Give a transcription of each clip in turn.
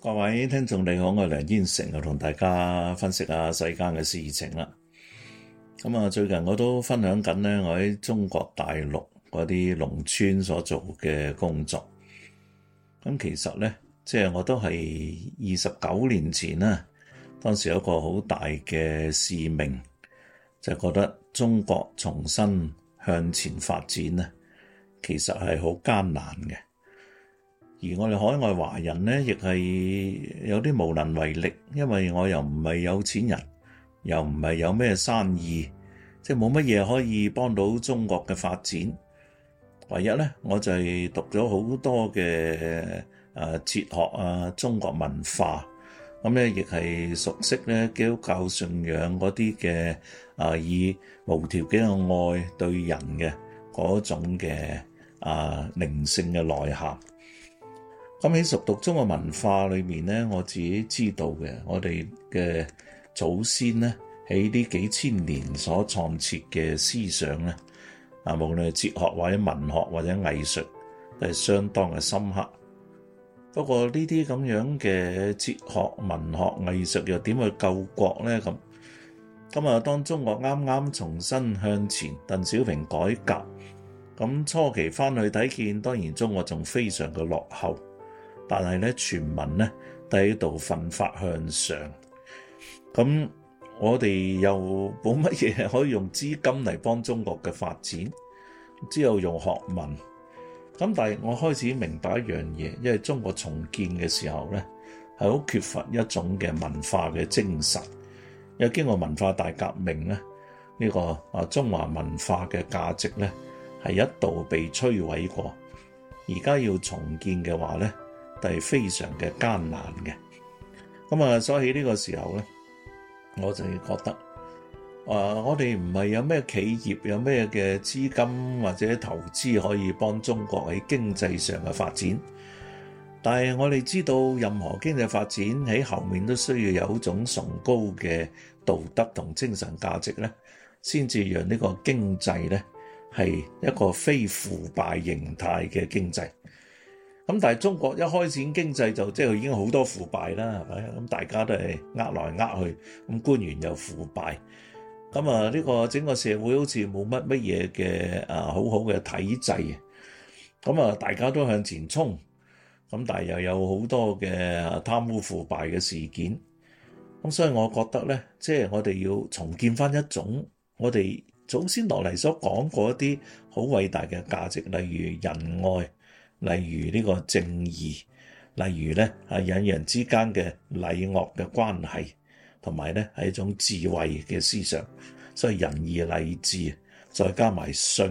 各位聽眾，你好，我係梁燕成，又同大家分析下世間嘅事情啦。咁啊，最近我都分享緊咧，我喺中國大陸嗰啲農村所做嘅工作。咁其實咧，即係我都係二十九年前啦，當時有一個好大嘅使命，就係覺得中國重新向前發展其實係好艱難嘅。而我哋海外華人咧，亦係有啲無能為力，因為我又唔係有錢人，又唔係有咩生意，即係冇乜嘢可以幫到中國嘅發展。唯一咧，我就係讀咗好多嘅啊哲學啊，中國文化咁咧，亦、嗯、係熟悉咧基督教信仰嗰啲嘅啊，以無條件嘅愛對人嘅嗰種嘅啊靈性嘅內涵。咁喺熟讀中國文化裏面咧，我自己知道嘅，我哋嘅祖先咧喺呢幾千年所創設嘅思想咧，啊，無論係哲學或者文學或者藝術都係相當嘅深刻。不過呢啲咁樣嘅哲學、文學、藝術又點去救國咧？咁咁啊，當中國啱啱重新向前，鄧小平改革咁初期翻去睇見，當然中國仲非常嘅落後。但係咧，全民咧都喺度奮發向上。咁我哋又冇乜嘢可以用資金嚟幫中國嘅發展，之後用學問。咁但係我開始明白一樣嘢，因為中國重建嘅時候咧係好缺乏一種嘅文化嘅精神。又經過文化大革命咧，呢個啊中華文化嘅價值咧係一度被摧毀過。而家要重建嘅話咧。但係非常嘅艱難嘅，咁啊，所以呢個時候咧，我就覺得，啊、呃，我哋唔係有咩企業、有咩嘅資金或者投資可以幫中國喺經濟上嘅發展，但係我哋知道任何經濟發展喺後面都需要有一種崇高嘅道德同精神價值咧，先至讓呢個經濟咧係一個非腐敗形態嘅經濟。咁但係中國一開始經濟就即係已經好多腐敗啦，係咪？咁大家都係呃來呃去，咁官員又腐敗，咁啊呢個整個社會好似冇乜乜嘢嘅啊好好嘅體制，咁啊大家都向前衝，咁但係又有好多嘅貪污腐敗嘅事件，咁所以我覺得咧，即係我哋要重建翻一種我哋祖先落嚟所講過一啲好偉大嘅價值，例如仁愛。例如呢個正義，例如咧啊人與人之間嘅禮樂嘅關係，同埋咧係一種智慧嘅思想。所以仁義禮智，再加埋信，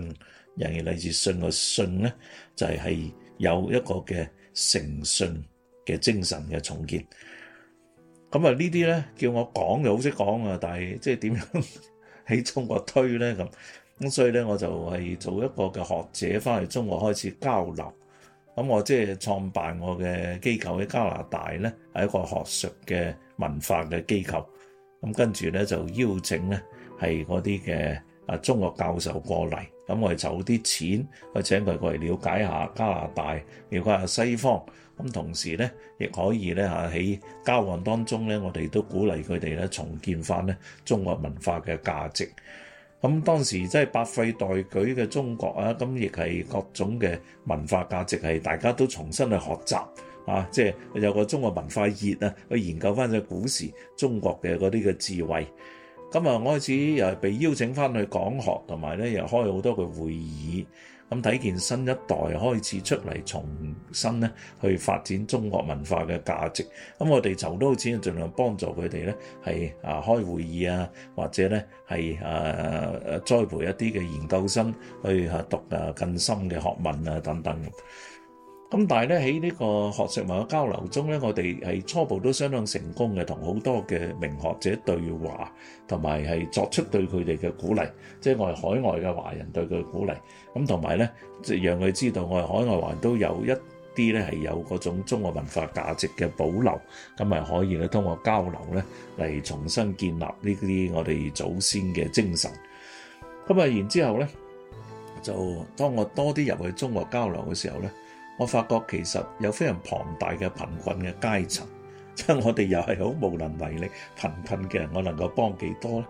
仁義禮智信個信咧就係、係、有一個嘅誠信嘅精神嘅重建。咁、嗯、啊呢啲咧叫我講又好識講啊，但係即係點樣喺 中國推咧咁咁，所以咧我就係做一個嘅學者，翻嚟中國開始交流。咁我即係創辦我嘅機構喺加拿大咧，係一個學術嘅文化嘅機構。咁跟住咧就邀請咧係嗰啲嘅啊中國教授過嚟。咁我哋籌啲錢去請佢過嚟了解下加拿大，了解下西方。咁同時咧亦可以咧嚇喺交往當中咧，我哋都鼓勵佢哋咧重建翻咧中國文化嘅價值。咁當時真係百廢待舉嘅中國啊，咁亦係各種嘅文化價值係大家都重新去學習啊，即係有個中國文化熱啊，去研究翻隻古時中國嘅嗰啲嘅智慧。咁啊，開始又係被邀請翻去講學，同埋咧又開好多個會議。咁睇見新一代開始出嚟重新咧，去發展中國文化嘅價值。咁我哋籌到錢，盡量幫助佢哋咧，係啊開會議啊，或者咧係啊栽培一啲嘅研究生去啊讀啊更深嘅學問啊等等。咁但係咧喺呢個學術文化交流中咧，我哋係初步都相當成功嘅，同好多嘅名學者對話，同埋係作出對佢哋嘅鼓勵，即係我係海外嘅華人對佢嘅鼓勵。咁同埋咧，即係讓佢知道我係海外華人都有一啲咧係有嗰種中國文化價值嘅保留，咁咪可以咧通過交流咧嚟重新建立呢啲我哋祖先嘅精神。咁啊，然之後咧就當我多啲入去中國交流嘅時候咧。我發覺其實有非常龐大嘅貧困嘅階層，即係我哋又係好無能為力。貧困嘅人，我能夠幫幾多咧？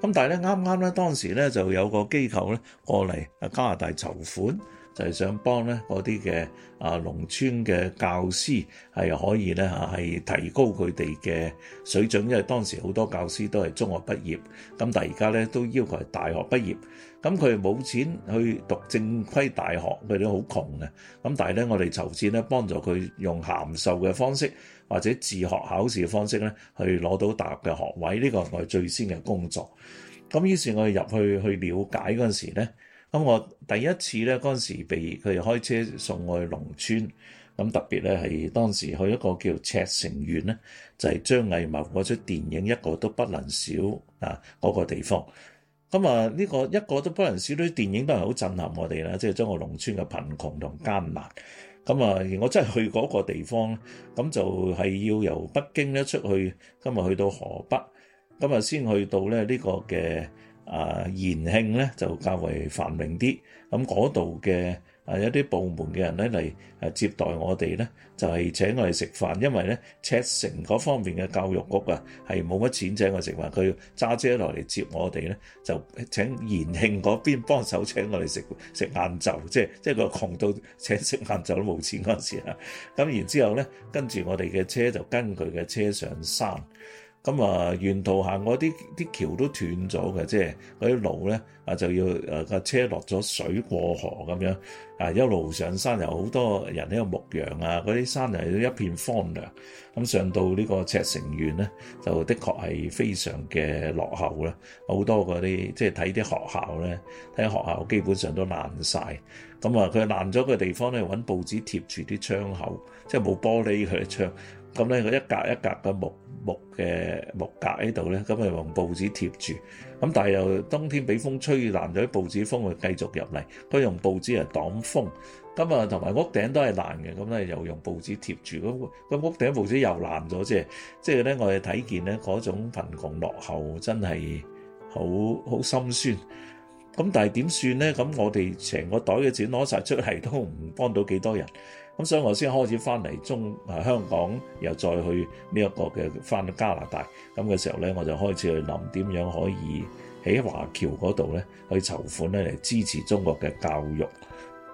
咁但係咧，啱啱咧當時咧就有個機構咧過嚟啊，加拿大籌款。就係想幫咧嗰啲嘅啊農村嘅教師係可以咧嚇係提高佢哋嘅水準，因為當時好多教師都係中學畢業，咁但係而家咧都要求係大學畢業，咁佢冇錢去讀正規大學，佢哋好窮嘅，咁但係咧我哋籌錢咧幫助佢用函授嘅方式或者自學考試嘅方式咧去攞到大學嘅學位，呢個係我哋最先嘅工作。咁於是我哋入去去了解嗰陣時咧。咁我第一次咧嗰陣時，被佢哋開車送去農村。咁特別咧，係當時去一個叫赤城縣咧，就係張藝謀嗰出電影《一個都不能少》啊嗰個地方。咁啊，呢個一個都不能少啲電影都係好震撼我哋啦，即係將個農村嘅貧窮同艱難。咁啊，我真係去嗰個地方，咁就係要由北京咧出去，今日去到河北，咁啊，先去到咧呢個嘅。啊，延慶咧就較為繁榮啲，咁嗰度嘅啊有一啲部門嘅人咧嚟接待我哋咧，就係請我哋食飯，因為咧赤城嗰方面嘅教育局啊係冇乜錢請我食飯，佢揸車落嚟接我哋咧，就請延慶嗰邊幫手請我哋食食晏晝，即係即係個窮到請食晏晝都冇錢嗰陣時啊，咁然之後咧，跟住我哋嘅車就跟佢嘅車上山。咁啊，沿途行過啲啲橋都斷咗嘅，即係嗰啲路咧啊，就要誒架車落咗水過河咁樣啊，一路上山又好多人喺度牧羊啊，嗰啲山人一片荒涼。咁上到呢個赤城縣咧，就的確係非常嘅落後啦。好多嗰啲即係睇啲學校咧，睇下學校基本上都爛晒。咁啊，佢爛咗嘅地方咧，搵報紙貼住啲窗口，即係冇玻璃佢嘅窗。咁咧，佢一格一格嘅木。木嘅木架喺度咧，咁咪用報紙貼住，咁但係又冬天俾風吹爛咗，報紙風又繼續入嚟，佢用報紙嚟擋風，咁啊同埋屋頂都係爛嘅，咁咧又用報紙貼住，咁個屋頂報紙又爛咗，即係即係咧，我哋睇見咧嗰種貧窮落後真係好好心酸，咁但係點算咧？咁我哋成個袋嘅錢攞晒出嚟都唔幫到幾多人。咁所以我先開始翻嚟中啊香港，又再去呢、這、一個嘅翻加拿大，咁嘅時候咧，我就開始去諗點樣可以喺華僑嗰度咧去籌款咧嚟支持中國嘅教育。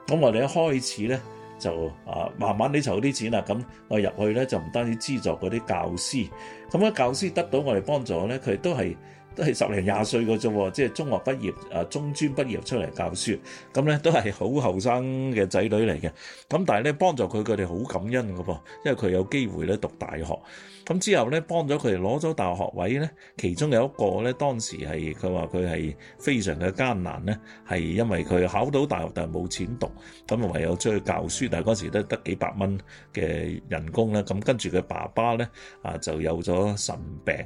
咁我哋一開始咧就啊慢慢啲籌啲錢啦，咁我入去咧就唔單止資助嗰啲教師，咁咧教師得到我哋幫助咧，佢都係。都係十零廿歲嗰啫喎，即係中學畢業、中專畢業出嚟教書，咁咧都係好後生嘅仔女嚟嘅。咁但係咧幫助佢佢哋好感恩㗎噃，因為佢有機會咧讀大學。咁之後咧幫咗佢哋攞咗大學位咧，其中有一個咧當時係佢話佢係非常嘅艱難咧，係因為佢考到大學但係冇錢讀，咁唯有出去教書，但係嗰時都得幾百蚊嘅人工啦。咁跟住佢爸爸咧啊就有咗腎病，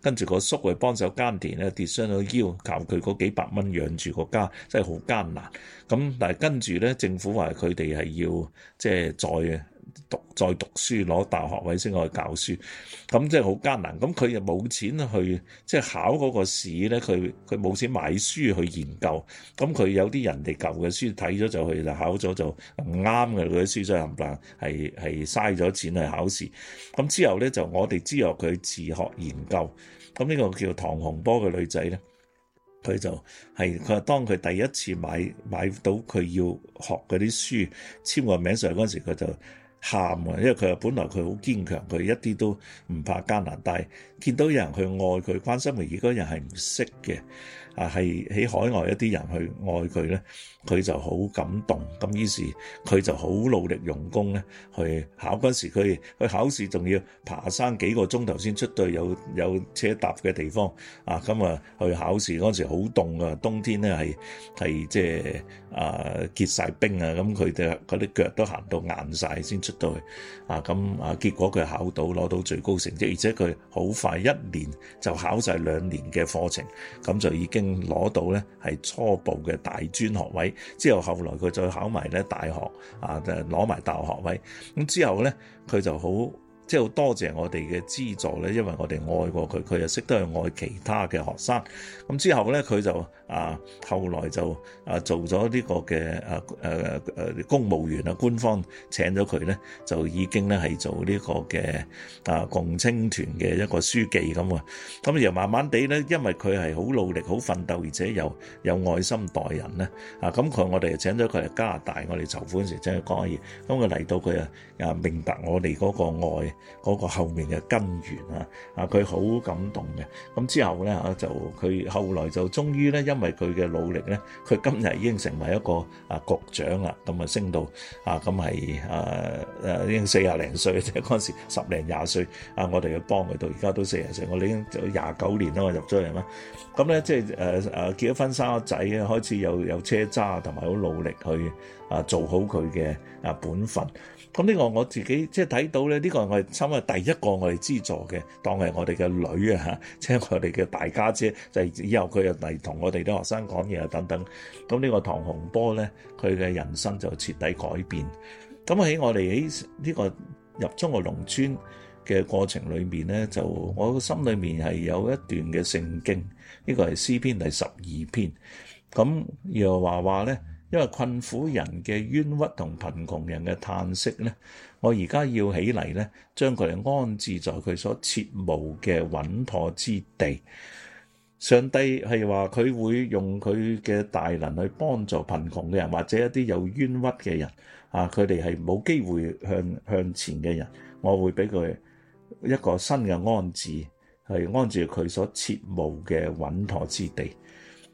跟住個叔嚟幫手跌咧跌傷咗腰，靠佢嗰幾百蚊養住個家，真係好艱難，咁但係跟住咧，政府話，佢哋係要即係再。讀，再讀書攞大學位先去教書，咁即係好艱難。咁佢又冇錢去，即係考嗰個試咧。佢，佢冇錢買書去研究。咁佢有啲人哋舊嘅書睇咗就去，就考咗就唔啱嘅，佢啲書真係冚唪唥係，係嘥咗錢去考試。咁之後咧就我哋資助佢自學研究。咁呢個叫唐洪波嘅女仔咧，佢就係佢話當佢第一次買買到佢要學嗰啲書簽個名上嗰時，佢就。喊啊！因為佢話本來佢好堅強，佢一啲都唔怕艱難，但係見到有人去愛佢關心佢，而嗰人係唔識嘅。啊，係喺海外一啲人去愛佢咧，佢就好感動，咁於是佢就好努力用功咧，去考。陣時佢去考試仲要爬山幾個鐘頭先出到有有車搭嘅地方。啊，咁啊去考試陣時好凍啊，冬天咧係，係即係啊結晒冰啊，咁佢哋嗰啲腳都行到硬晒先出到去。啊，咁啊結果佢考到攞到最高成績，而且佢好快一年就考晒兩年嘅課程，咁就已經。攞到咧係初步嘅大專學位，之後後來佢再考埋咧大學啊，就攞埋大學學位。咁之後咧，佢就好。即係好多謝我哋嘅資助咧，因為我哋愛過佢，佢又識得去愛其他嘅學生。咁之後咧，佢就啊，後來就了、這個、啊，做咗呢個嘅啊誒誒公務員啊，官方請咗佢咧，就已經咧係做呢個嘅啊共青團嘅一個書記咁啊。咁然後慢慢哋咧，因為佢係好努力、好奮鬥而且又有，有愛心待人咧啊。咁佢我哋請咗佢嚟加拿大，我哋籌款時請佢講嘢。咁佢嚟到佢啊啊明白我哋個愛。嗰個後面嘅根源啊啊，佢好感動嘅。咁之後咧嚇就佢後來就終於咧，因為佢嘅努力咧，佢今日已經成為一個啊局長啦。咁啊升到啊咁係誒誒已經四廿零歲，即係嗰陣時十零廿歲啊。我哋要幫佢到而家都四廿歲，我哋已經做廿九年啦，我入咗嚟啦。咁、啊、咧即係誒誒結咗婚生咗仔，開始有有車揸，同埋好努力去啊做好佢嘅啊本分。咁呢個我自己即係睇到咧，呢個我係差唔多第一個我哋資助嘅，當係我哋嘅女啊，即係我哋嘅大家姐，就係以後佢又嚟同我哋啲學生講嘢啊等等。咁呢個唐洪波咧，佢嘅人生就徹底改變。咁喺我哋喺呢個入中國農村嘅過程裏面咧，就我心裏面係有一段嘅聖經，呢個係詩篇第十二篇。咁又話話咧。因為困苦人嘅冤屈同貧窮人嘅嘆息咧，我而家要起嚟咧，將佢哋安置在佢所切慕嘅穩妥之地。上帝係話佢會用佢嘅大能去幫助貧窮嘅人，或者一啲有冤屈嘅人啊，佢哋係冇機會向向前嘅人，我會俾佢一個新嘅安置，係安置佢所切慕嘅穩妥之地。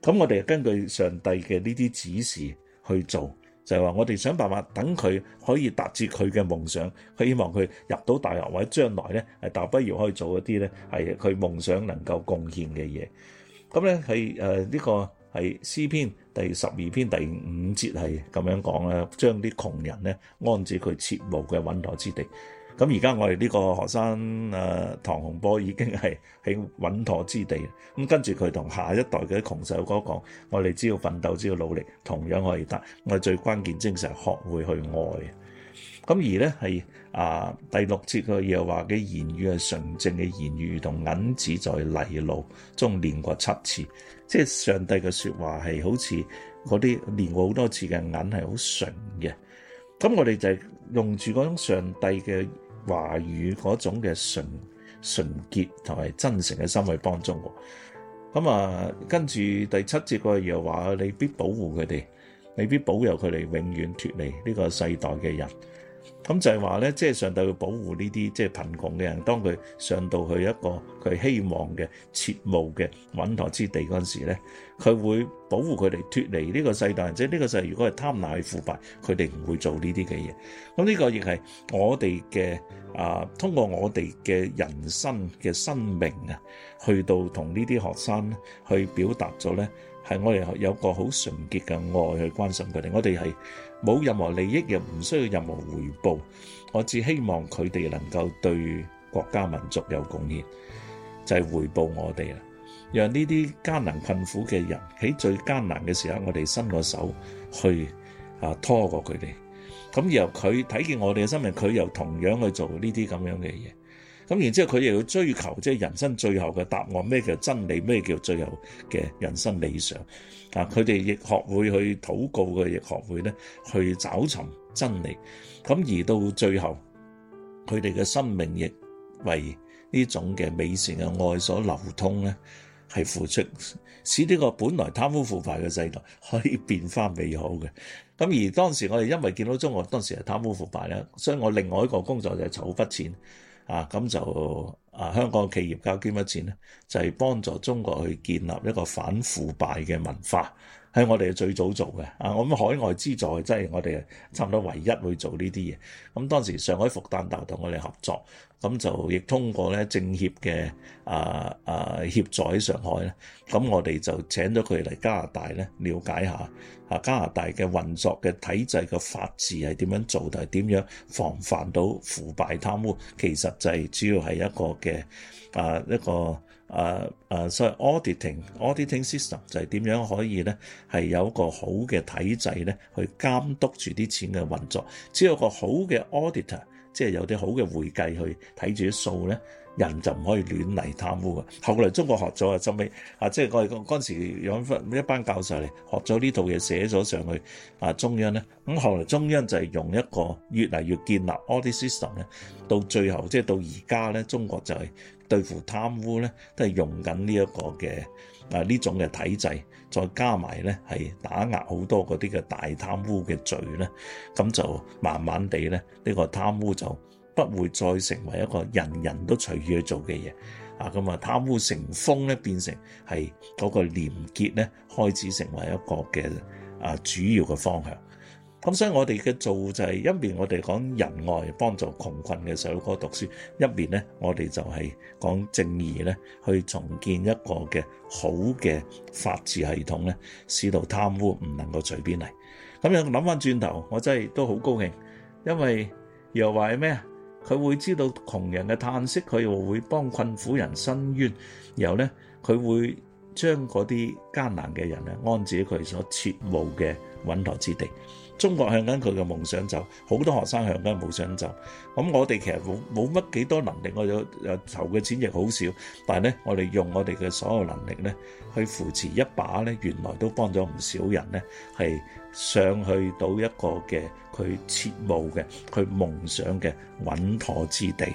咁我哋根據上帝嘅呢啲指示。去做就係話，我哋想辦法等佢可以達至佢嘅夢想，希望佢入到大學或者將來咧，誒大學畢業可以做一啲咧，係佢夢想能夠貢獻嘅嘢。咁咧係誒呢個係詩篇第十二篇第五節係咁樣講啦：將啲窮人咧安置佢切無嘅穩妥之地。咁而家我哋呢個學生誒、呃、唐洪波已經係喺穩妥之地，咁跟住佢同下一代嘅窮細佬哥講：我哋只要奮鬥，只要努力，同樣可以得。我哋最關鍵精神係學會去愛。咁而咧係啊第六節佢又話嘅言語係純正嘅言語，同銀子在泥路中煉過七次，即係上帝嘅說話係好似嗰啲煉過好多次嘅銀係好純嘅。咁我哋就係用住嗰種上帝嘅。華語嗰種嘅純純潔同埋真誠嘅心去幫助，咁、嗯、啊，跟住第七節嗰句又話：你必保護佢哋，你必保佑佢哋永遠脫離呢個世代嘅人。咁就係話咧，即係上帝會保護呢啲即係貧窮嘅人，當佢上到去一個佢希望嘅設務嘅穩妥之地嗰陣時咧，佢會保護佢哋脫離呢個世代。即係呢個世，如果係貪婪腐敗，佢哋唔會做呢啲嘅嘢。咁呢個亦係我哋嘅啊，通過我哋嘅人生嘅生命啊，去到同呢啲學生去表達咗咧，係我哋有個好純潔嘅愛去關心佢哋。我哋係。冇任何利益又唔需要任何回報，我只希望佢哋能夠對國家民族有貢獻，就係回報我哋啦。讓呢啲艱難困苦嘅人喺最艱難嘅時候，我哋伸個手去啊拖過佢哋。咁然後佢睇見我哋嘅生命，佢又同樣去做呢啲咁樣嘅嘢。咁然之後，佢哋要追求即係人生最後嘅答案，咩叫真理，咩叫最後嘅人生理想啊？佢哋亦學會去禱告，佢亦學會咧去找尋真理。咁而到最後，佢哋嘅生命亦為呢種嘅美善嘅愛所流通咧，係付出，使呢個本來貪污腐敗嘅制度可以變翻美好嘅。咁而當時我哋因為見到中國當時係貪污腐敗咧，所以我另外一個工作就係籌筆錢。啊，咁就啊，香港企業家捐乜錢咧？就係、是、幫助中國去建立一個反腐敗嘅文化。喺我哋最早做嘅啊，我咁海外資助真係我哋差唔多唯一會做呢啲嘢。咁當時上海復旦大學同我哋合作，咁就亦通過咧政協嘅啊啊協助喺上海咧，咁我哋就請咗佢嚟加拿大咧，了解一下啊加拿大嘅運作嘅體制嘅法治係點樣做，但係點樣防範到腐敗貪污？其實就係主要係一個嘅啊一個。誒誒，所以、uh, uh, so、auditing auditing system 就係點樣可以咧係有一個好嘅體制咧，去監督住啲錢嘅運作。只有個好嘅 auditor，即係有啲好嘅會計去睇住啲數咧，人就唔可以亂嚟貪污㗎。後來中國學咗啊，後、就、尾、是、啊，即係我哋嗰陣時有一班教授嚟學咗呢套嘢，寫咗上去啊中央咧。咁、啊、後來中央就係用一個越嚟越建立 auditing system 咧，到最後即係、就是、到而家咧，中國就係、是。對付貪污咧，都係用緊呢一個嘅啊呢種嘅體制，再加埋咧係打壓好多嗰啲嘅大貪污嘅罪咧，咁就慢慢地咧呢，呢個貪污就不會再成為一個人人都隨意去做嘅嘢啊！咁啊貪污成風咧，變成係嗰個廉潔咧開始成為一個嘅啊主要嘅方向。咁所以，我哋嘅做就係一面我哋講仁愛，幫助窮困嘅細佬哥讀書；一面咧，我哋就係講正義咧，去重建一個嘅好嘅法治系統咧，使到貪污唔能夠隨便嚟。咁樣諗翻轉頭，我真係都好高興，因為又話係咩啊？佢會知道窮人嘅嘆息，佢又會幫困苦人伸冤。然後咧，佢會將嗰啲艱難嘅人咧安置喺佢所切慕嘅穩妥之地。中國向緊佢嘅夢想走，好多學生向緊夢想走。咁我哋其實冇冇乜幾多能力，我有投嘅錢亦好少，但係咧，我哋用我哋嘅所有能力咧，去扶持一把咧，原來都幫咗唔少人咧，係上去到一個嘅佢設務嘅佢夢想嘅穩妥之地。